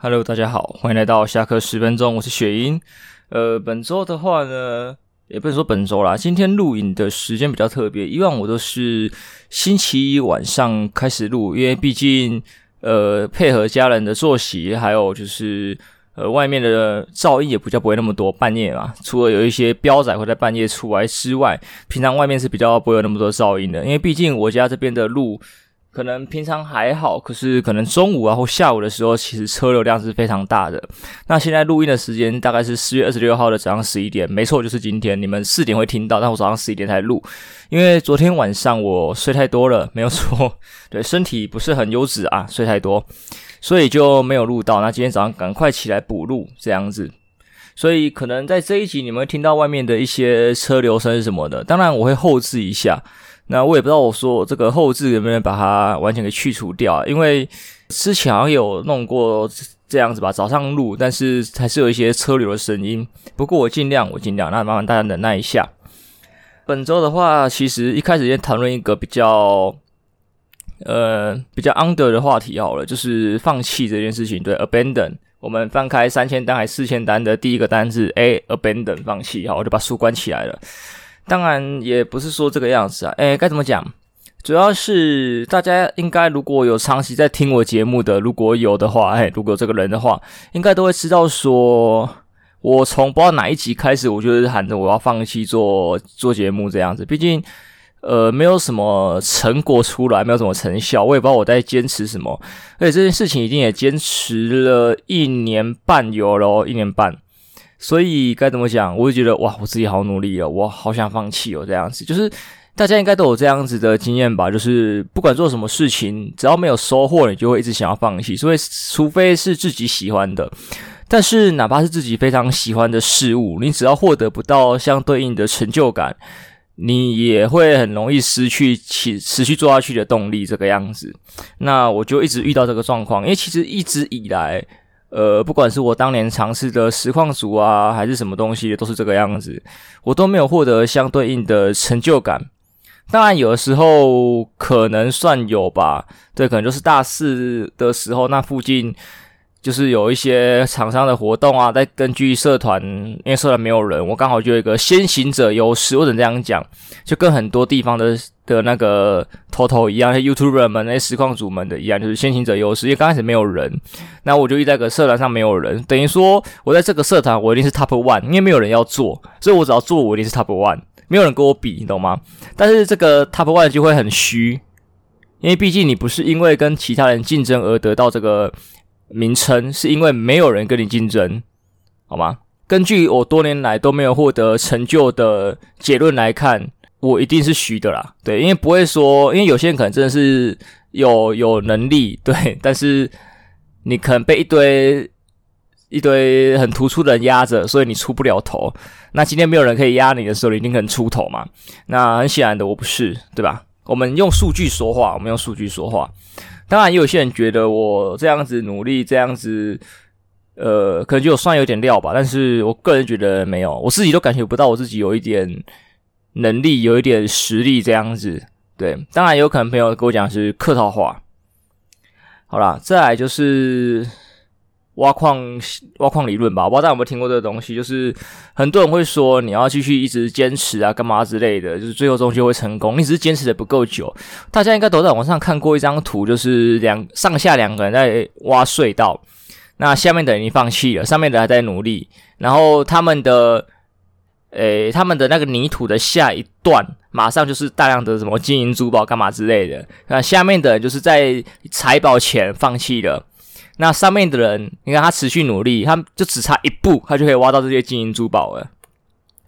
Hello，大家好，歡迎來到下課十分鐘，我是雪英。呃，本周的話呢，也不是說本周啦，今天錄影的時間比較特別。以往我都是星期一晚上開始錄，因為畢竟呃配合家人的作息，還有就是呃外面的噪音也比較不會那麼多。半夜嘛，除了有一些飆仔會在半夜出來之外，平常外面是比較不會有那麼多噪音的，因為畢竟我家這邊的路。可能平常還好，可是可能中午啊或下午的時候，其實車流量是非常大的。那現在錄音的時間大概是四月二十六號的早上十一點，沒錯，就是今天。你們四點會聽到，但我早上十一點才錄，因為昨天晚上我睡太多了，沒有錯，對，身體不是很優質啊，睡太多，所以就沒有錄到。那今天早上趕快起來補錄這樣子，所以可能在這一集你們會聽到外面的一些車流聲什麼的，當然我會後置一下。那我也不知道，我說這個後置能不能把它完全給去除掉啊？因為之前好像有弄過這樣子吧，早上錄，但是還是有一些車流的聲音。不過我盡量，我盡量，那麻煩大家忍耐一下。本周的話，其實一開始先談論一個比較呃比較 under 的話題好了，就是放棄這件事情，對，abandon。Ab andon, 我們翻開三千單還是四千單的第一個單字，a abandon 放棄，好，我就把書關起來了。當然也不是說這個樣子啊，哎，該怎麼講？主要是大家應該如果有長期在聽我節目的，如果有的話，哎，如果有這個人的話，應該都會知道說，我從不知道哪一集開始，我就是喊着我要放棄做做節目這樣子。畢竟，呃，沒有什麼成果出來，沒有什麼成效，我也不知道我在堅持什麼。而且這件事情已經也堅持了一年半有咯、哦，一年半。所以該怎麼講？我就覺得哇，我自己好努力哦，我好想放棄哦，這樣子，就是大家應該都有這樣子的經驗吧？就是不管做什麼事情，只要沒有收穫，你就會一直想要放棄。所以除非是自己喜歡的，但是哪怕是自己非常喜歡的事物，你只要獲得不到相對應的成就感，你也會很容易失去起持續做下去的動力。這個樣子，那我就一直遇到這個狀況，因為其實一直以來。呃，不管是我當年嘗試的實況主啊，還是什麼東西，都是這個樣子，我都沒有獲得相對應的成就感。當然，有的時候可能算有吧，對，可能就是大四的時候那附近。就是有一些廠商的活動啊，在根據社團，因為社團沒有人，我剛好就有一個先行者優勢，我只能這樣講，就跟很多地方的的那個頭頭一樣，YouTuber 們那些實況主們的一樣，就是先行者優勢。因為剛開始沒有人，那我就遇在一個社團上沒有人，等於說我在這個社團我一定是 top one，因為沒有人要做，所以我只要做我一定是 top one，沒有人跟我比，你懂嗎？但是這個 top one 就會很虛，因為畢竟你不是因為跟其他人競爭而得到這個。名稱是因為沒有人跟你競爭，好嗎？根據我多年來都沒有獲得成就的結論來看，我一定是虛的啦。對，因為不會說，因為有些人可能真的是有有能力，對，但是你可能被一堆一堆很突出的人壓着，所以你出不了頭。那今天沒有人可以壓你的時候，你一定很出頭嘛？那很顯然的，我不是，對吧？我們用數據說話，我們用數據說話。當然，也有些人覺得我這樣子努力，這樣子，呃，可能就算有點料吧。但是我個人覺得沒有，我自己都感覺不到我自己有一點能力，有一點實力這樣子。對，當然也有可能朋友跟我講是客套話。好啦，再來就是。挖礦挖礦理論吧，我不知道大家有沒有聽過這個東西，就是很多人會說你要繼續一直堅持啊，幹嘛之類的，就是最後終究會成功，你只是堅持的不夠久。大家應該都在網上看過一張圖，就是兩，上下兩個人在挖隧道，那下面的人已經放棄了，上面的人還在努力，然後他們的，誒、欸、他們的那個泥土的下一段馬上就是大量的什麼金銀珠寶幹嘛之類的，那下面的人就是在財寶前放棄了。那上面的人，你看他持續努力，他就只差一步，他就可以挖到這些金銀珠寶了。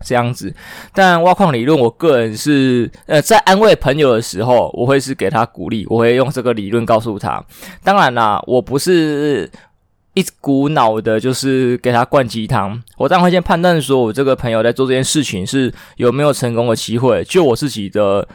這樣子，但挖礦理論，我個人是，呃，在安慰朋友的時候，我會是給他鼓勵，我會用這個理論告訴他。當然啦，我不是一股腦的，就是給他灌雞湯。我當然會先判斷說，我這個朋友在做這件事情是有沒有成功的機會。就我自己的。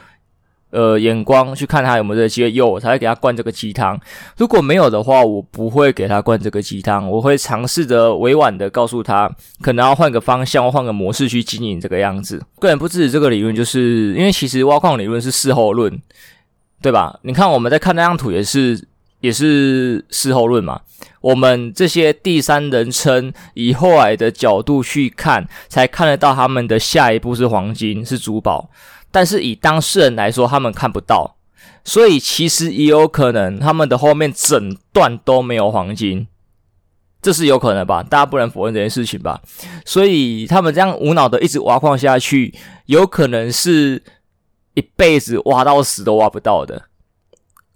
呃，眼光去看他有沒有這些，有才會給他灌這個雞湯。如果沒有的話，我不會給他灌這個雞湯。我會嘗試着委婉地告訴他，可能要換個方向，或換個模式去經營這個樣子。個人不支持這個理論，就是因為其實挖礦理論是事後論，對吧？你看我們在看那張圖也是，也是也是事後論嘛。我們這些第三人稱，以後來的角度去看，才看得到他們的下一步是黃金，是珠寶。但是以當事人來說，他們看不到，所以其實也有可能他們的後面整段都沒有黃金，這是有可能吧？大家不能否認這件事情吧？所以他們這樣無腦的一直挖礦下去，有可能是一輩子挖到死都挖不到的，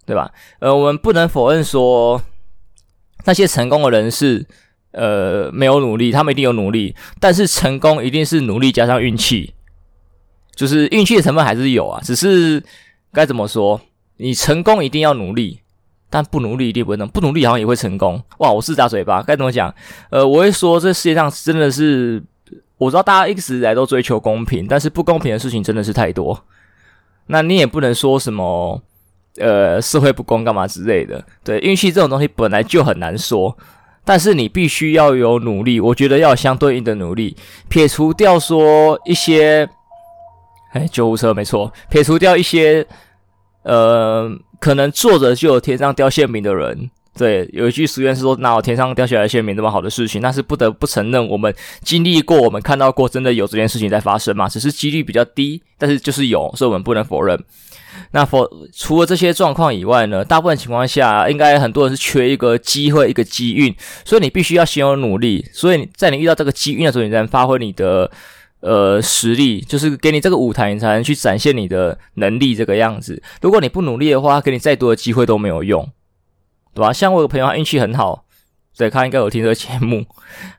對吧？呃，我們不能否認說那些成功的人是呃沒有努力，他們一定有努力，但是成功一定是努力加上運氣。就是運氣的成分還是有啊，只是該怎麼說？你成功一定要努力，但不努力一定不能不努力好像也會成功。哇，我是大嘴巴，該怎麼講？呃，我會說這世界上真的是我知道大家一直以來都追求公平，但是不公平的事情真的是太多。那你也不能說什麼呃社會不公幹嘛之類的。對，運氣這種東西本來就很難說，但是你必須要有努力，我覺得要有相對應的努力，撇除掉說一些。誒、欸，救護車沒錯，撇除掉一些，呃，可能坐着就有天上掉餡餅的人。對，有一句俗語是說“哪有天上掉下來的餡餅這麼好的事情？”那是不得不承認，我們經歷過，我們看到過，真的有這件事情在發生嘛？只是幾率比較低，但是就是有，所以我們不能否認。那否除了這些狀況以外呢？大部分情況下，應該很多人是缺一個機會，一個機運，所以你必須要先有努力，所以在你遇到這個機遇的時候，你才能發揮你的。呃，實力就是給你這個舞台，你才能去展現你的能力這個樣子。如果你不努力的話，給你再多的機會都沒有用，對吧、啊？像我有朋友運氣很好，對，他應該有聽這個節目，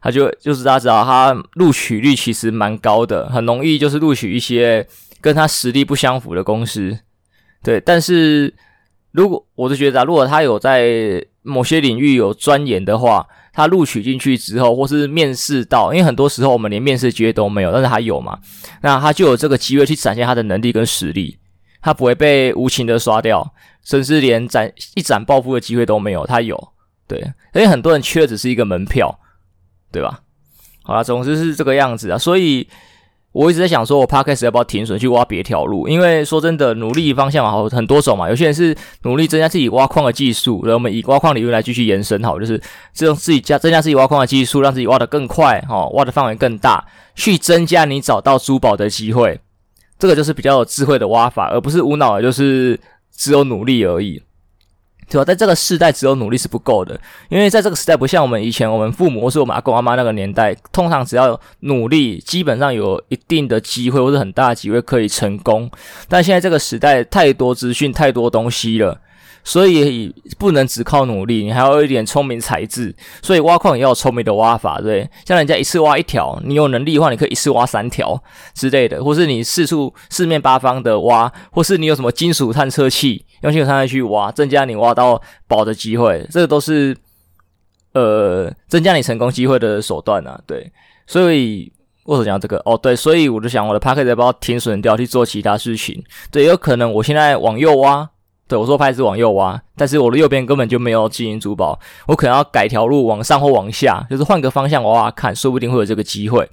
他就就是大家知道，他錄取率其實蠻高的，很容易就是錄取一些跟他實力不相符的公司，對。但是如果我就覺得、啊，如果他有在某些領域有鑽研的話。他錄取進去之後，或是面試到，因為很多時候我們連面試機會都沒有，但是他有嘛，那他就有這個機會去展現他的能力跟實力，他不會被無情的刷掉，甚至連展一展抱負的機會都沒有，他有，對，所以很多人缺的只是一個門票，對吧？好啦，總之是這個樣子啊，所以。我一直在想，說我 podcast 要不要停損去挖別條路？因為說真的，努力方向好很多種嘛。有些人是努力增加自己挖礦的技術，然後我們以挖礦理論來繼續延伸，好，就是這種自己加增加自己挖礦的技術，讓自己挖得更快，哈、哦，挖的範圍更大，去增加你找到珠寶的機會。這個就是比較有智慧的挖法，而不是無腦，就是只有努力而已。在這個時代，只有努力是不夠的，因為在這個時代，不像我們以前，我們父母或是我們阿公阿媽那個年代，通常只要努力，基本上有一定的機會或是很大的機會可以成功。但現在這個時代，太多資訊，太多東西了，所以不能只靠努力，你還有一點聰明才智。所以挖礦也要有聰明的挖法，對。像人家一次挖一條，你有能力的話，你可以一次挖三條之類的，或是你四處四面八方的挖，或是你有什麼金屬探測器。用新手上來去挖，增加你挖到寶的機會，這個都是呃增加你成功機會的手段啊。對，所以為什麼講這個？哦，對，所以我就想我的拍子要不要停損掉去做其他事情。對，有可能我現在往右挖，對我說拍子往右挖，但是我的右邊根本就沒有金銀珠寶，我可能要改條路往上或往下，就是換個方向挖挖看，說不定會有這個機會。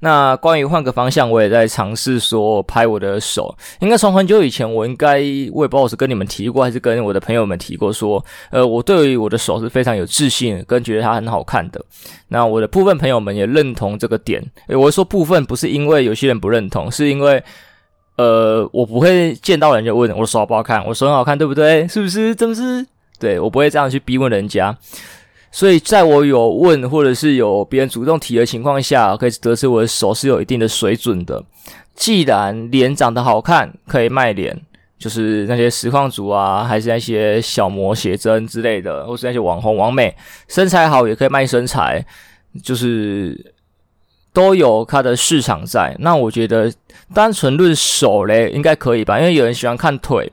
那關於換個方向，我也在嘗試說拍我的手。應該從很久以前，我應該我也不知道我是跟你們提過，還是跟我的朋友們提過，說，呃，我對於我的手是非常有自信，跟覺得它很好看的。那我的部分朋友們也認同這個點。欸，我會說部分不是因為有些人不認同，是因為，呃，我不會見到人就問我手好不好看，我手很好看，對不對？是不是？是不是？對，我不會這樣去逼問人家。所以，在我有問，或者是有別人主動提的情況下，可以得知我的手是有一定的水準的。既然臉長得好看可以賣臉，就是那些實況主啊，還是那些小模寫真之類的，或是那些網紅網美，身材好也可以賣身材，就是都有它的市場在。那我覺得，單純論手嘞，應該可以吧？因為有人喜歡看腿，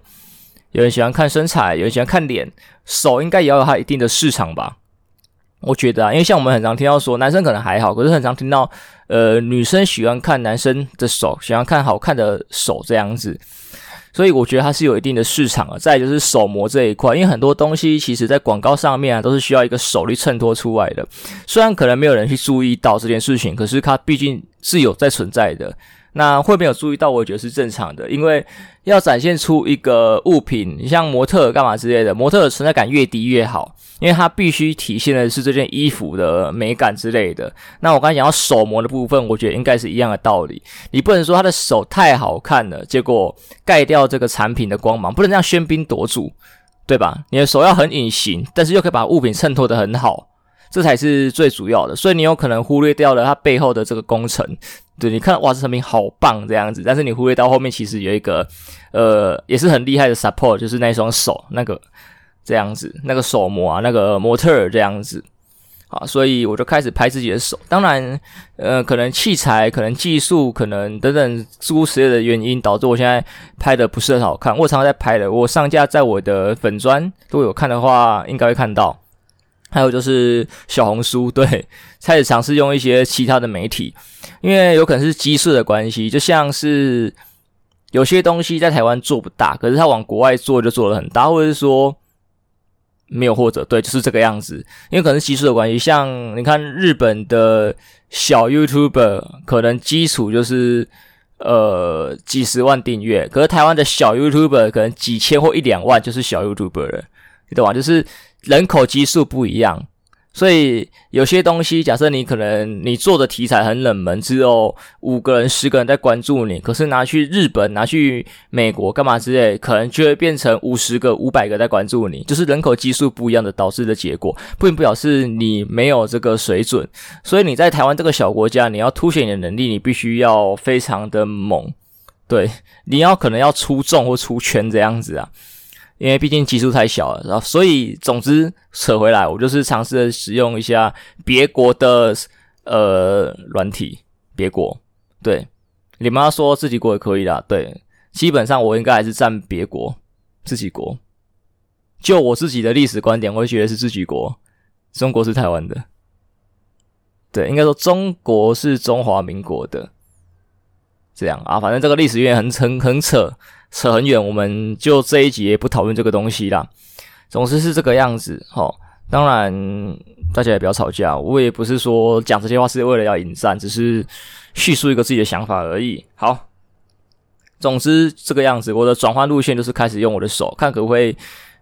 有人喜歡看身材，有人喜歡看臉，手應該也要有它一定的市場吧？我覺得啊，因為像我們很常聽到說，男生可能還好，可是很常聽到，呃，女生喜歡看男生的手，喜歡看好看的手這樣子，所以我覺得它是有一定的市場的啊。再就是手模這一塊，因為很多東西其實在廣告上面啊，都是需要一個手去襯托出來的。雖然可能沒有人去注意到這件事情，可是它畢竟是有在存在的。那會沒有注意到？我覺得是正常的，因為要展現出一個物品，你像模特幹嘛之類的，模特的存在感越低越好，因為它必須體現的是這件衣服的美感之類的。那我剛才講到手模的部分，我覺得應該是一樣的道理。你不能說他的手太好看了，結果蓋掉這個產品的光芒，不能讓喧賓奪主，對吧？你的手要很隱形，但是又可以把物品襯托的很好。這才是最主要的，所以你有可能忽略掉了它背後的這個工程。對，你看，哇，這產品好棒這樣子，但是你忽略到後面，其實有一個呃，也是很厲害的 support，就是那一雙手那個這樣子，那個手模啊，那個模特這樣子。好，所以我就開始拍自己的手。當然，呃，可能器材、可能技術、可能等等諸如此類的原因，導致我現在拍的不是很好看。我常常在拍的，我上架在我的粉專，如果有看的話，應該會看到。還有就是小紅書，對，開始嘗試用一些其他的媒體，因為有可能是基數的關係，就像是有些東西在台灣做不大，可是他往國外做就做得很大，或者是說沒有或者對，就是這個樣子，因為可能是基數的關係，像你看日本的小 YouTuber，可能基礎就是呃幾十萬訂閱，可是台灣的小 YouTuber 可能幾千或一兩萬就是小 YouTuber 了，你懂嗎？就是。人口基數不一樣，所以有些東西，假設你可能你做的題材很冷門，只有五個人、十個人在關注你，可是拿去日本、拿去美國幹嘛之類，可能就會變成五十個、五百個在關注你，就是人口基數不一樣的導致的結果，並不，不表示你沒有這個水準。所以你在台灣這個小國家，你要凸顯你的能力，你必須要非常的猛，對，你要可能要出眾或出圈這樣子啊。因為畢竟基數太小了，然後，啊，所以總之扯回來，我就是嘗試着使用一下別國的呃軟體，別國，對，你們要說自己國也可以啦，對，基本上我應該還是占別國自己國，就我自己的歷史觀點，我會覺得是自己國，中國是台灣的，對，應該說中國是中華民國的，這樣啊，反正這個歷史淵源很很很扯。扯很遠，我們就這一集也不討論這個東西啦。總之是這個樣子，好、吼，當然大家也不要吵架。我也不是說講這些話是為了要引戰，只是敘述一個自己的想法而已。好，總之這個樣子，我的轉換路線就是開始用我的手看可不可以，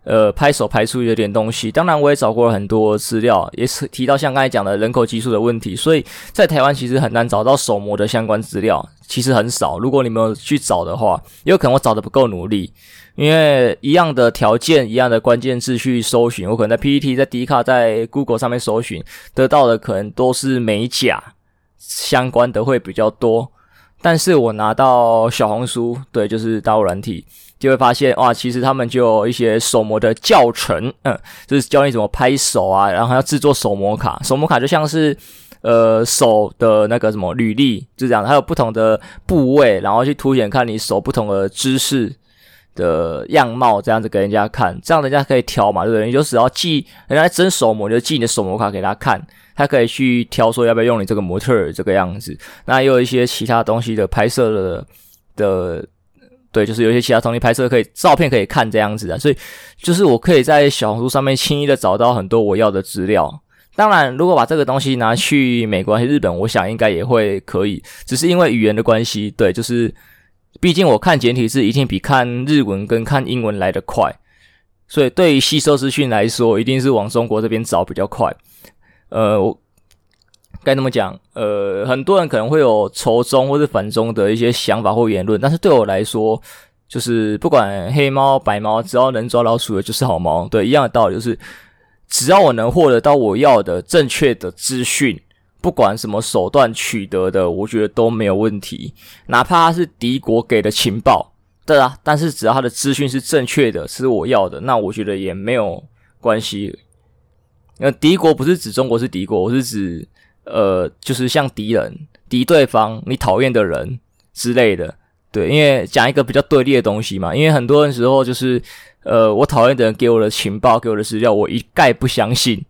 呃，拍手拍出有點東西。當然，我也找過了很多資料，也是提到像剛才講的人口基數的問題，所以在台灣其實很難找到手模的相關資料，其實很少。如果你們有去找的話，也有可能我找的不夠努力，因為一樣的條件、一樣的關鍵字去搜尋，我可能在 PPT、在迪卡、在 Google 上面搜尋得到的可能都是美甲相關的會比較多。但是我拿到小紅書，對，就是大陸軟體。就會發現哇，其實他們就有一些手模的教程，嗯，就是教你怎麼拍手啊，然後還要制作手模卡。手模卡就像是，呃，手的那個什麼履歷，就這樣，還有不同的部位，然後去凸顯看你手不同的姿勢的樣貌，這樣子給人家看，這樣人家可以挑嘛，對不對？你就只要寄，人家真手模，就寄你的手模卡給他看，他可以去挑說要不要用你這個模特這個樣子。那也有一些其他東西的拍攝的的。的對，就是有些其他綜藝拍攝可以照片可以看這樣子的，所以就是我可以在小紅書上面輕易的找到很多我要的資料。當然，如果把這個東西拿去美國、日本，我想應該也會可以，只是因為語言的關係。對，就是畢竟我看簡體字一定比看日文跟看英文來得快，所以對於吸收資訊來說，一定是往中國這邊找比較快。呃。我該那麼講？呃，很多人可能會有仇中或是反中的一些想法或言論，但是對我來說，就是不管黑貓白貓，只要能抓老鼠的就是好貓。對，一樣的道理就是，只要我能獲得到我要的正確的資訊，不管什麼手段取得的，我覺得都沒有問題。哪怕他是敵國給的情報，對啊，但是只要他的資訊是正確的，是我要的，那我覺得也沒有關係。那敵國不是指中國是敵國，我是指。呃，就是像敵人、敵對方、你討厭的人之類的，對，因為講一個比較對立的東西嘛。因為很多人時候就是，呃，我討厭的人給我的情報、給我的資料，我一概不相信。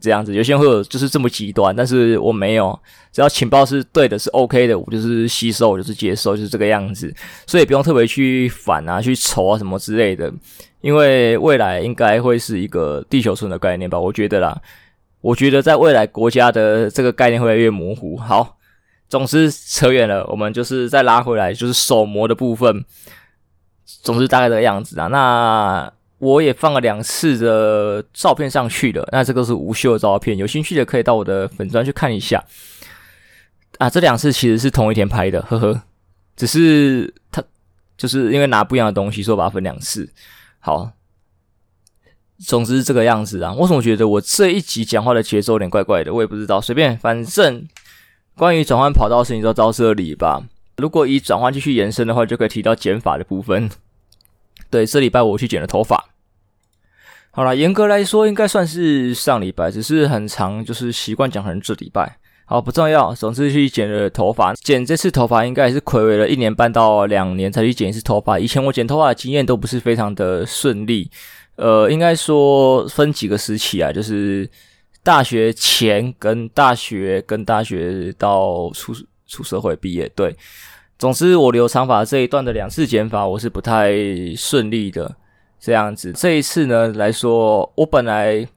這樣子，有些人會有就是這麼極端，但是我沒有。只要情報是對的、是 OK 的，我就是吸收，我就是接受，就是這個樣子。所以不用特別去反啊、去愁啊什麼之類的。因為未來應該會是一個地球村的概念吧，我覺得啦。我覺得在未來，國家的這個概念會越來越模糊。好，總之扯遠了，我們就是再拉回來，就是手模的部分，總之大概這個樣子啊。那我也放了兩次的照片上去了，那這個是無袖的照片，有興趣的可以到我的粉專去看一下啊。這兩次其實是同一天拍的，呵呵，只是他就是因為拿不一樣的東西，所以我把它分兩次。好。總之是這個樣子啊！我怎麼覺得我這一集講話的節奏有點怪怪的？我也不知道，隨便，反正關於轉換跑道的事情就到這裡吧。如果以轉換繼續延伸的話，就可以提到剪髮的部分。對，這禮拜我去剪了頭髮。好了，嚴格來說應該算是上禮拜，只是很長，就是習慣講成這禮拜。好，不重要。總之去剪了頭髮，剪這次頭髮應該也是暌違了一年半到兩年才去剪一次頭髮。以前我剪頭髮的經驗都不是非常的順利。呃，應該說分幾個時期啊，就是大學前跟大學跟大學到出出社會畢業，對。總之，我留長髮這一段的兩次剪髮，我是不太順利的，這樣子。這一次呢來說，我本來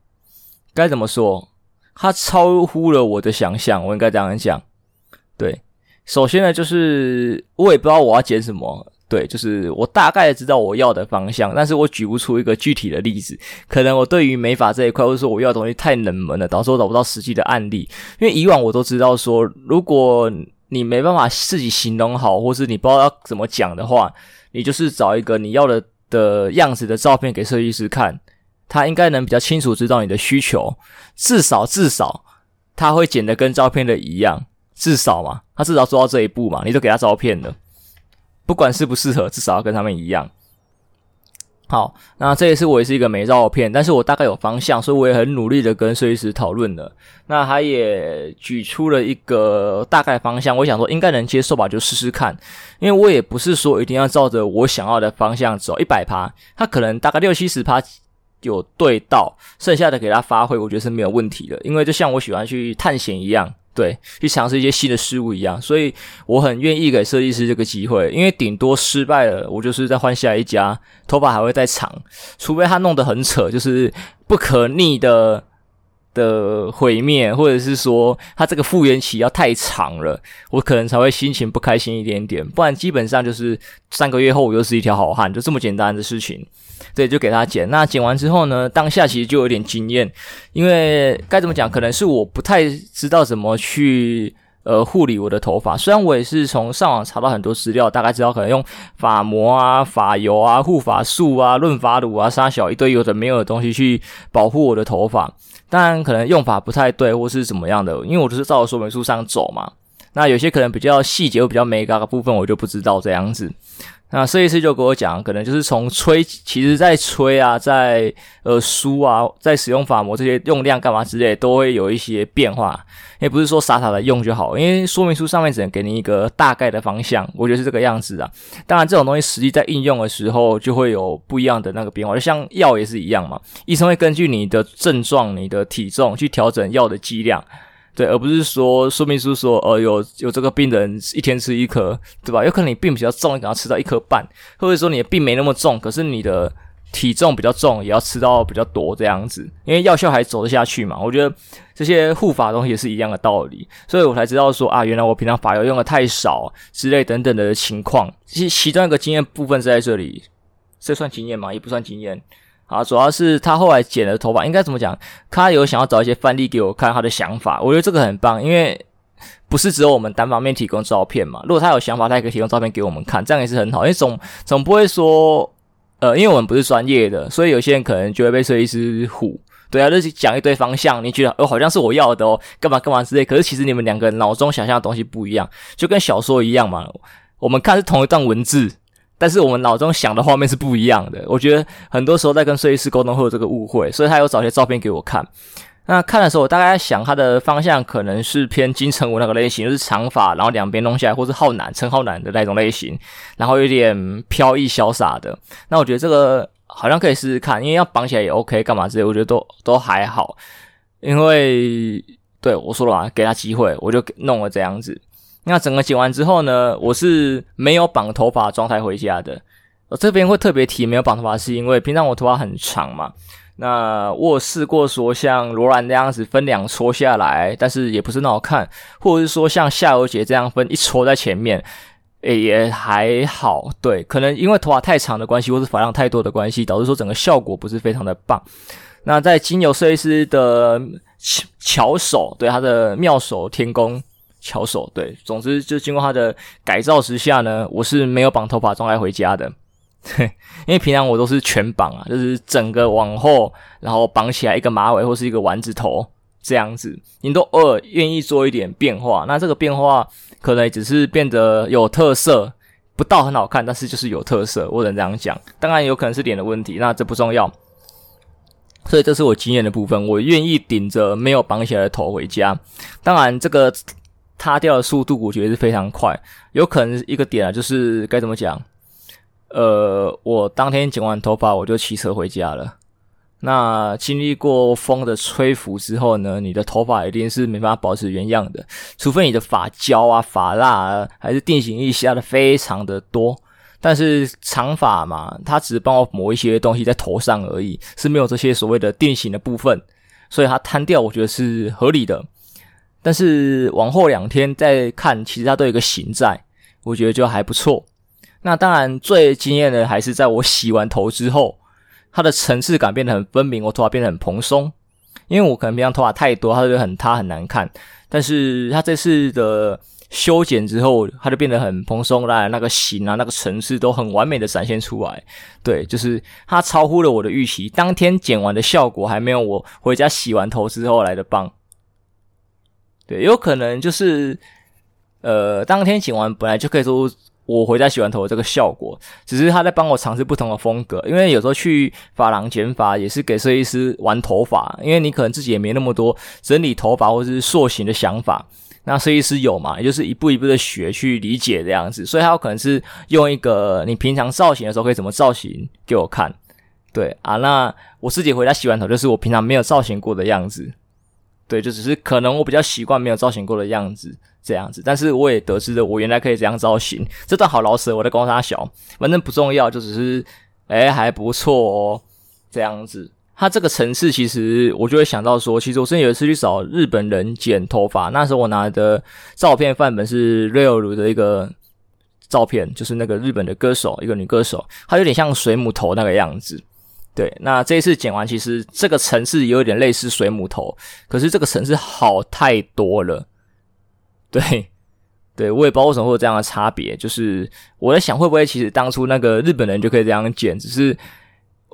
該怎麼說，它超乎了我的想象，我應該這樣講。對，首先呢，就是我也不知道我要剪什麼。對，就是我大概知道我要的方向，但是我舉不出一個具體的例子。可能我對於美髮這一塊，或者說我要的東西太冷門了，導致我找不到實際的案例。因為以往我都知道說，說如果你沒辦法自己形容好，或是你不知道要怎麼講的話，你就是找一個你要的的樣子的照片給設計師看，他應該能比較清楚知道你的需求。至少至少他會剪的跟照片的一樣，至少嘛，他至少做到這一步嘛，你都給他照片了。不管適不適合，至少要跟他們一樣。好，那這一次我也是一個沒照片，但是我大概有方向，所以我也很努力的跟設計師討論了，那他也舉出了一個大概方向，我想說應該能接受吧，就試試看。因為我也不是說一定要照着我想要的方向走，一百趴，他可能大概六七十趴有對到，剩下的給他發揮，我覺得是沒有問題的。因為就像我喜歡去探險一樣。對，去嘗試一些新的事物一樣，所以我很願意給設計師這個機會，因為頂多失敗了，我就是再換下一家，頭髮還會再長，除非他弄得很扯，就是不可逆的的毀滅，或者是說他這個復原期要太長了，我可能才會心情不開心一點點，不然基本上就是三個月後我又是一條好漢，就這麼簡單的事情。對，就給他剪。那剪完之後呢？當下其實就有點驚豔，因為該怎麼講，可能是我不太知道怎麼去呃護理我的頭髮。雖然我也是從上網查到很多資料，大概知道可能用髮膜啊、髮油啊、護髮素啊、潤髮乳啊，啥小一堆有的沒有的東西去保護我的頭髮。當然，可能用法不太對，或是怎麼樣的，因為我都是照著說明書上走嘛。那有些可能比較細節或比較眉角的部分，我就不知道這樣子。那設計師就給我講，可能就是從吹，其實在吹啊，在呃梳啊，在使用髮膜這些用量幹嘛之類，都會有一些變化。也不是說傻傻的用就好，因為說明書上面只能給你一個大概的方向。我覺得是這個樣子啊。當然，這種東西實際在應用的時候，就會有不一樣的那個變化。就像藥也是一樣嘛，醫生會根據你的症狀、你的體重去調整藥的劑量。對，而不是說說明書說，呃，有有這個病人一天吃一顆，對吧？有可能你病比較重，你可能要吃到一顆半，或者說你的病沒那麼重，可是你的體重比較重，也要吃到比較多這樣子，因為藥效還走得下去嘛。我覺得這些護髮東西也是一樣的道理，所以我才知道說啊，原來我平常髮藥用得太少之類等等的情況。其實其中一個經驗部分是在這裡，這算經驗嗎？也不算經驗。好，主要是他後來剪了頭髮，應該怎麼講？他有想要找一些範例給我看，他的想法，我覺得這個很棒，因為不是只有我們單方面提供照片嘛。如果他有想法，他也可以提供照片給我們看，這樣也是很好。因為總總不會說，呃，因為我們不是專業的，所以有些人可能就會被設計師唬，對啊，就是講一堆方向，你覺得哦、呃，好像是我要的哦，幹嘛幹嘛之類。可是其實你們兩個腦中想象的東西不一樣，就跟小說一樣嘛。我們看是同一段文字。但是我們腦中想的畫面是不一樣的。我覺得很多時候在跟設計師溝通會有這個誤會，所以他有找一些照片給我看。那看的時候，我大概在想他的方向可能是偏金城武那個類型，就是長髮，然後兩邊弄下來，或是浩南陳浩南的那種類型，然後有點飄逸瀟灑的。那我覺得這個好像可以試試看，因為要綁起來也 OK，幹嘛之類，我覺得都都還好。因為，對，我說了嘛，給他機會，我就弄了這樣子。那整個剪完之後呢，我是沒有綁頭髮狀態回家的。我、哦、這邊會特別提沒有綁頭髮，是因為平常我頭髮很長嘛。那我試過說像羅蘭那樣子分兩撮下來，但是也不是很好看，或者是說像夏油傑這樣分一撮在前面，誒也還好。對，可能因為頭髮太長的關係，或是髮量太多的關係，導致說整個效果不是非常的棒。那在金牛設計師的巧手，對他的妙手天工。巧手，對，總之就經過他的改造之下呢，我是沒有綁頭髮狀態回家的，嘿，因為平常我都是全綁啊，就是整個往後，然後綁起來一個馬尾或是一個丸子頭這樣子，你都偶爾願意做一點變化，那這個變化可能只是變得有特色，不到很好看，但是就是有特色，或者這樣講，當然有可能是臉的問題，那這不重要，所以這是我經驗的部分，我願意頂着沒有綁起來的頭回家，當然這個。塌掉的速度，我覺得是非常快。有可能一個點啊，就是該怎麼講？呃，我當天剪完頭髮，我就騎車回家了。那經歷過風的吹拂之後呢，你的頭髮一定是沒辦法保持原樣的，除非你的髮膠啊、髮蠟啊、還是定型液下的非常的多。但是長髮嘛，它只是幫我抹一些東西在頭上而已，是沒有這些所謂的定型的部分，所以它塌掉，我覺得是合理的。但是往後兩天再看，其實它都有一個形在，我覺得就還不錯。那當然最驚艷的還是在我洗完頭之後，它的層次感變得很分明，我頭髮變得很蓬鬆。因為我可能平常頭髮太多，它就很塌很難看。但是它這次的修剪之後，它就變得很蓬鬆，然後那個型啊，那個層次都很完美的展現出來。對，就是它超乎了我的預期。當天剪完的效果還沒有我回家洗完頭之後來得棒。對，有可能就是，呃，當天剪完本來就可以說，我回家洗完頭這個效果，只是他在幫我嘗試不同的風格。因為有時候去髮廊剪髮也是給設計師玩頭髮，因為你可能自己也沒那麼多整理頭髮或者是塑形的想法，那設計師有嘛？也就是一步一步的學去理解這樣子，所以他有可能是用一個你平常造型的時候可以怎麼造型給我看，對啊，那我自己回家洗完頭就是我平常沒有造型過的樣子。對，就只是可能我比較習慣沒有造型過的樣子這樣子，但是我也得知了我原來可以這樣造型。這段好老實，我在告訴他小，反正不重要，就只是哎還不錯哦這樣子。他這個層次其實我就會想到說，其實我真的有一次去找日本人剪頭髮，那時候我拿的照片範本是瑞爾魯的一個照片，就是那個日本的歌手，一個女歌手，她有點像水母頭那個樣子。對，那這一次剪完，其實這個層次有點類似水母頭，可是這個層次好太多了。對，對，我也不知道為什麼會有這樣的差別，就是我在想，會不會其實當初那個日本人就可以這樣剪，只是。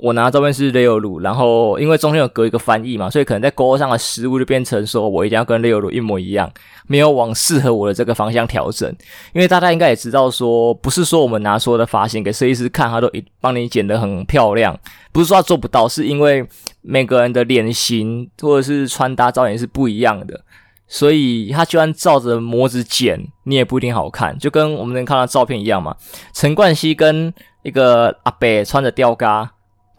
我拿的照片是雷歐魯，然後因為中間有隔一個翻譯嘛，所以可能在溝通上的失誤就變成說我一定要跟雷歐魯一模一樣，沒有往適合我的這個方向調整。因為大家應該也知道說，說不是說我們拿出的髮型給設計師看，他都一幫你剪得很漂亮，不是說他做不到，是因為每個人的臉型或者是穿搭造型是不一樣的，所以他居然照着模子剪，你也不一定好看，就跟我們能看到照片一樣嘛。陳冠希跟一個阿伯穿着吊嘎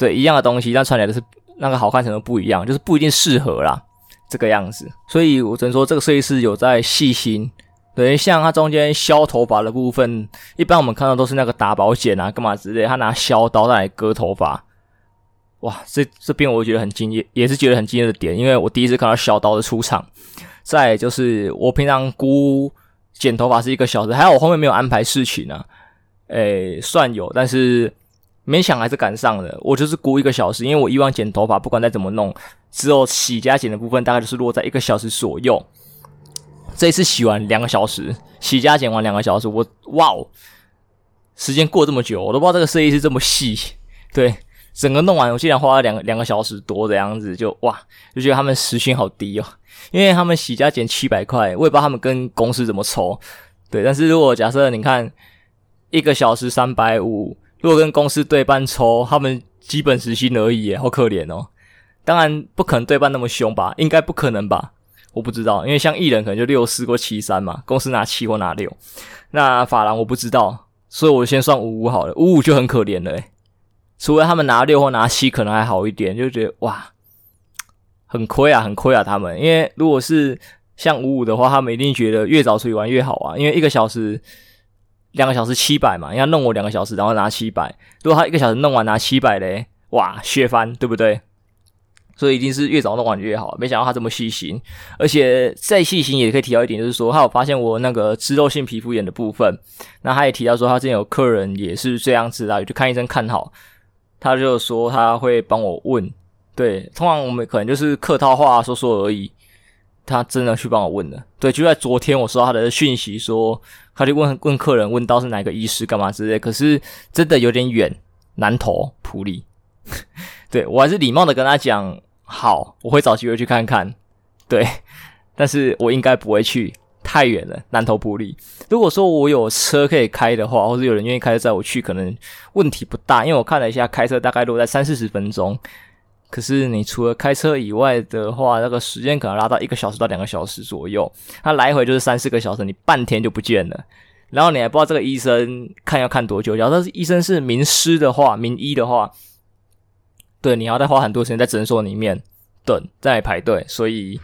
對，一樣的東西，但穿起來的是那個好看程度不一樣，就是不一定適合啦，這個樣子。所以我只能說這個設計師有在細心，等於像他中間削頭髮的部分，一般我們看到都是那個打薄剪啊，幹嘛之類，他拿削刀來割頭髮，哇，這這邊我覺得很驚艷，也是覺得很驚艷的點，因為我第一次看到削刀的出場。再來就是我平常估剪頭髮是一個小時，還好我後面沒有安排事情啊，誒、欸，算有，但是。勉強還是趕上了，我就是估一個小時，因為我以往剪頭髮不管再怎麼弄，只有洗加剪的部分大概就是落在一個小時左右。這一次洗完兩個小時，洗加剪完兩個小時，我哇哦，時間過這麼久，我都不知道這個設計是這麼細。對，整個弄完我竟然花了兩兩個小時多的樣子，就哇，就覺得他們時薪好低哦，因為他們洗加剪七百塊，我也不知道他們跟公司怎麼抽。對，但是如果假設你看，一個小時三百五。如果跟公司對半抽，他們基本時薪而已，好可憐哦、喔。當然不可能對半那麼凶吧，應該不可能吧？我不知道，因為像藝人可能就六四或七三嘛，公司拿七或拿六。那法蘭我不知道，所以我先算五五好了，五五就很可憐了。除非他們拿六或拿七，可能還好一點，就覺得哇，很虧啊，很虧啊，他們。因為如果是像五五的話，他們一定覺得越早出去玩越好啊，因為一個小時，兩個小時七百嘛，人家弄我兩個小時，然後拿七百。如果他一個小時弄完拿七百嘞，哇，血翻，對不對？所以一定是越早弄完越好。沒想到他這麼細心，而且再細心也可以提到一點，就是說他有發現我那個脂漏性皮膚炎的部分，那他也提到說他之前有客人也是這樣子來去看醫生看好，他就說他會幫我問。對，通常我們可能就是客套話說說而已。.他真的去幫我問了，對，就在昨天我收到他的訊息說，他去問問客人，問到是哪個醫師幹嘛之類的，可是真的有點遠，南投埔里。 對，我還是禮貌的跟他講，好，我會找機會去看看，對，但是我應該不會去，太遠了，南投埔里。如果說我有車可以開的話，或者有人願意開車載我去，可能問題不大，因為我看了一下，開車大概落在三四十分鐘。可是你除了開車以外的話，那個時間可能拉到一個小時到兩個小時左右，他來回就是三四個小時，你半天就不見了。然後你還不知道這個醫生看要看多久，假如說醫生是名師的話、名醫的話，對，你還要再花很多時間在診所裡面等，在排隊。所以，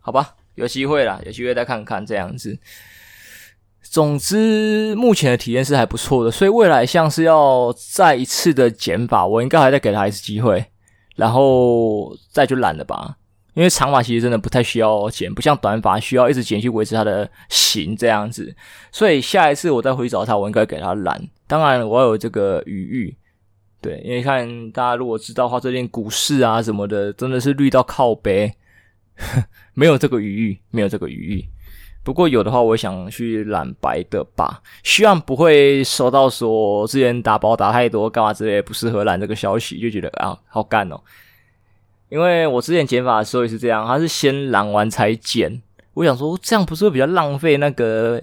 好吧，有機會了，有機會再看看這樣子。總之，目前的體驗是還不錯的，所以未來像是要再一次的剪髮，我應該還再給他一次機會。然後再去染了吧，因為長髮其實真的不太需要剪，不像短髮需要一直剪去維持它的型這樣子。所以下一次我再回去找他，我應該給他染。當然我要有這個餘裕，對，因為看大家如果知道話，這件股市啊什麼的，真的是綠到靠北，哼，沒有這個餘裕，沒有這個餘裕。不過有的話，我想去染白的吧，希望不會收到說之前打包打太多幹嘛之類不適合染這個消息，就覺得啊好乾哦。因為我之前剪髮的時候也是這樣，他是先染完才剪。我想說這樣不是會比較浪費那個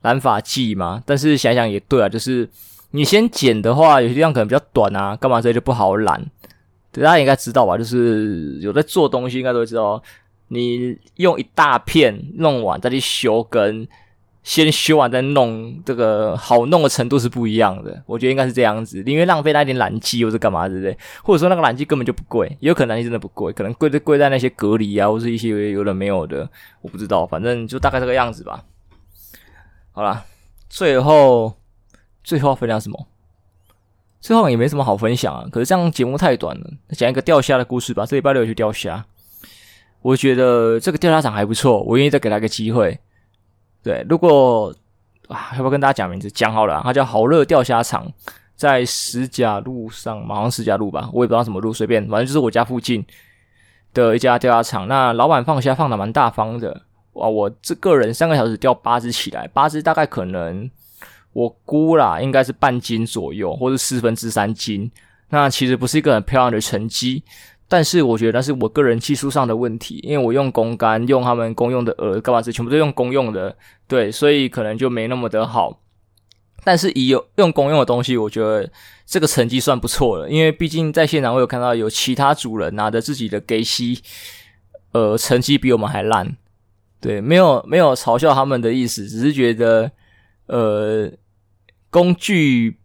染髮劑嗎？但是想一想也對啊，就是你先剪的話，有些地方可能比較短啊，幹嘛這些就不好染。對，大家應該知道吧？就是有在做東西，應該都會知道。你用一大片弄完再去修，跟先修完再弄這個好弄的程度是不一樣的。我覺得應該是這樣子，因為浪費那一點染劑，又是幹嘛，對不對？或者說那個染劑根本就不貴，也有可能染劑真的不貴，可能貴在貴在那些隔離啊，或者一些有的沒有的，我不知道，反正就大概這個樣子吧。好啦，最後最後要分享什麼？最後也沒什麼好分享啊。可是這樣節目太短了，講一個釣蝦的故事吧。這禮拜六去釣蝦。我覺得這個釣蝦場還不錯，我願意再給他一個機會。對，如果啊，要不要跟大家講名字？講好了，啊，他叫豪樂釣蝦場，在十甲路上，馬上十甲路吧，我也不知道什麼路，隨便，反正就是我家附近的一家釣蝦場。那老闆放蝦放的蠻大方的，哇，我這個人三個小時釣八隻起來，八隻大概可能我估啦，應該是半斤左右，或者四分之三斤。那其實不是一個很漂亮的成績。但是我覺得，那是我個人技術上的問題，因為我用公桿，用他們公用的餌、呃，幹嘛是全部都用公用的，對，所以可能就沒那麼的好。但是以有用公用的東西，我覺得這個成績算不錯了，因為畢竟在現場我有看到有其他主人拿着自己的 G C，呃，成績比我們還爛，對，沒有沒有嘲笑他們的意思，只是覺得，呃，工具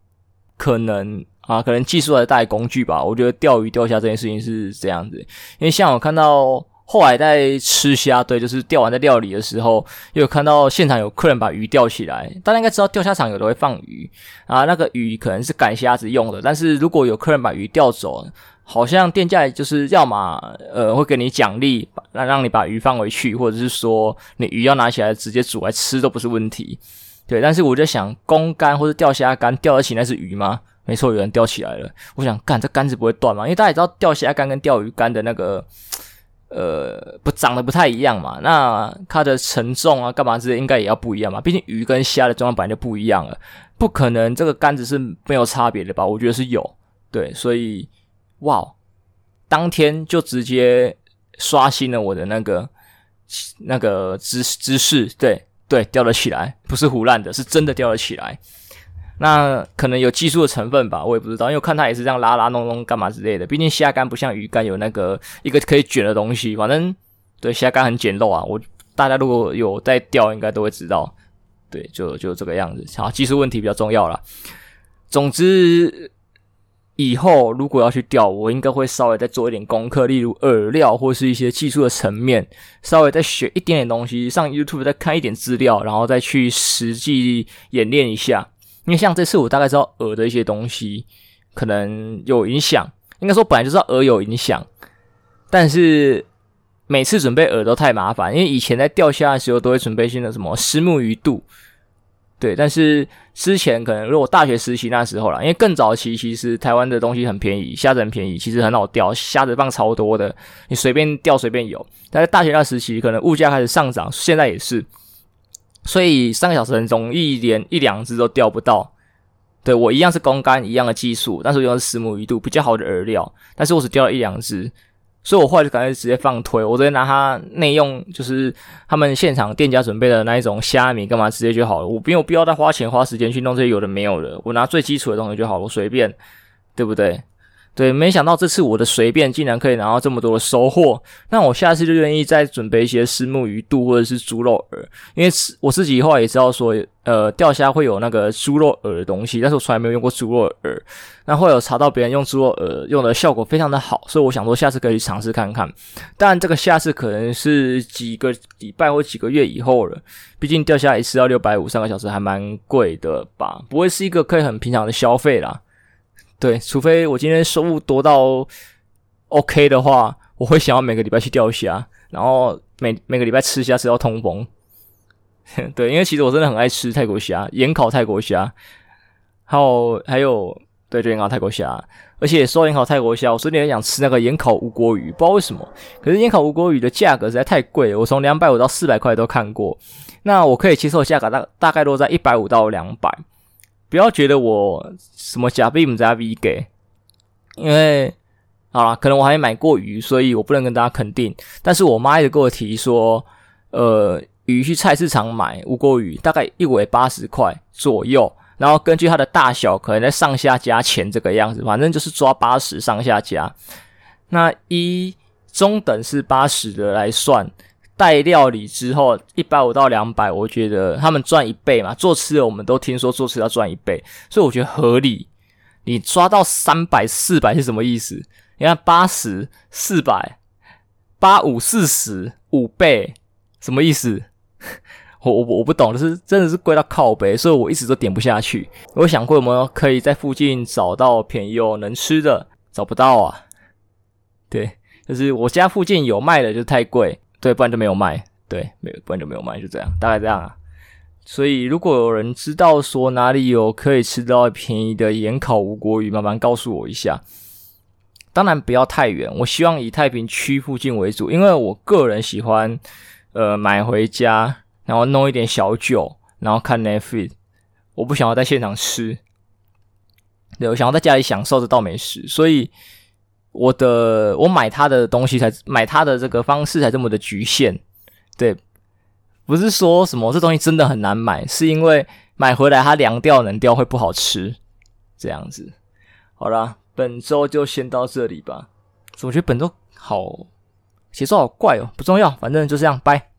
可能。啊，可能技術來帶工具吧。我覺得釣魚釣蝦這件事情是這樣子，因為像我看到後來在吃蝦，對，就是釣完在料理的時候，又有看到現場有客人把魚釣起來。大家應該知道釣蝦場有的會放魚啊，那個魚可能是趕蝦子用的。但是如果有客人把魚釣走，好像店家就是要嘛，呃，會給你獎勵，讓讓你把魚放回去，或者是說你魚要拿起來直接煮來吃都不是問題。對，但是我就想，公竿、或者釣蝦竿釣得起那是魚嗎？沒錯，有人釣起來了。我想，幹這桿子不會斷嗎？因為大家也知道，釣蝦竿跟釣魚竿的那個，呃，不長得不太一樣嘛。那它的承重啊、幹嘛之類應該也要不一樣嘛。畢竟魚跟蝦的狀況本來就不一樣了，不可能這個桿子是沒有差別的吧？我覺得是有。對，所以哇，當天就直接刷新了我的那個那個知知識。對對，釣得起來，不是胡亂的，是真的釣得起來。那可能有技術的成分吧，我也不知道，因為我看他也是這樣拉拉弄弄幹嘛之類的。畢竟蝦竿不像魚竿有那個一個可以捲的東西，反正對蝦竿很簡陋啊。我大家如果有在釣，應該都會知道，對，就就這個樣子。好，技術問題比較重要啦。總之，以後如果要去釣，我應該會稍微再做一點功課，例如餌料或是一些技術的層面，稍微再學一點點東西，上 YouTube 再看一點資料，然後再去實際演練一下。因為像這次，我大概知道餌的一些東西可能有影響。應該說，本來就知道餌有影響，但是每次準備餌都太麻煩。因為以前在釣蝦的時候，都會準備一些什麼虱目魚肚，對。但是之前可能如果大學時期那時候啦，因為更早期其實台灣的東西很便宜，蝦子很便宜，其實很好釣，蝦子放超多的，你隨便釣隨便有。但是大學那時期可能物價開始上漲，現在也是。所以三個小時鐘，一連一兩只都釣不到。對，我一樣是公竿，一樣的技術，但是我用的是虱目魚肚比較好的餌料，但是我只釣了一兩只。所以我後來就乾脆直接放推，我直接拿它內用，就是他們現場店家準備的那一種蝦米乾嘛，直接就好了。我沒有必要再花錢花時間去弄這些有的沒有的，我拿最基礎的東西就好了，我隨便，對不對？對，沒想到這次我的隨便竟然可以拿到這麼多的收穫。那我下次就願意再準備一些虱目魚肚或者是豬肉餌，因為我自己後來也知道說，呃，釣蝦會有那個豬肉餌的東西，但是我從來沒有用過豬肉餌。那後來有查到別人用豬肉餌用的效果非常的好，所以我想說下次可以去嘗試看看。但這個下次可能是幾個禮拜或幾個月以後了，畢竟釣蝦一次要六百五三個小時還蠻貴的吧，不會是一個可以很平常的消費啦。對，除非我今天收入多到 OK 的話，我會想要每個禮拜去釣蝦，然後每每個禮拜吃蝦吃到痛風。 對，因為其實我真的很愛吃泰國蝦，鹽烤泰國蝦，還有還有，對，對，鹽烤泰國蝦。而且說到鹽烤泰國蝦，我順便也想吃那個鹽烤無骨魚，不知道為什麼。可是鹽烤無骨魚的價格實在太貴了，我從兩百五到四百塊都看過。那我可以接受的價格大大概，落在一百五到兩百。不要覺得我什麼假幣不假給，因為好啦，可能我還沒買過魚，所以我不能跟大家肯定。但是我媽一直跟我提說，呃，魚去菜市場買吳郭魚，大概一尾八十塊左右，然後根據它的大小可能在上下加錢這個樣子，反正就是抓八十上下加。那一中等是八十的來算。帶料理之後一百五到兩百，我覺得他們賺一倍嘛。做吃的我們都聽說做吃要賺一倍，所以我覺得合理。你抓到三百四百是什麼意思？你看八十四百八五四十五倍，什麼意思？我我我不懂，就是真的是貴到靠北，所以我一直都點不下去。我想過我們可以在附近找到便宜又、哦、能吃的，找不到啊。對，就是我家附近有賣的就太貴。對，不然就沒有賣。對，沒，不然就沒有賣，就這樣，大概這樣啊。所以，如果有人知道說哪裡有可以吃到便宜的鹽烤吳郭魚，麻煩告訴我一下。當然不要太遠，我希望以太平區附近為主，因為我個人喜歡，呃，買回家，然後弄一點小酒，然後看 Netflix。我不想要在現場吃，對，我想要在家裡享受這道美食，所以。我的我買他的東西才買他的這個方式才這麼的局限，對，不是說什麼這東西真的很難買，是因為買回來它涼掉冷掉會不好吃這樣子。好啦，本週就先到這裡吧。總覺得本週好節奏好怪哦、喔，不重要，反正就這樣，拜。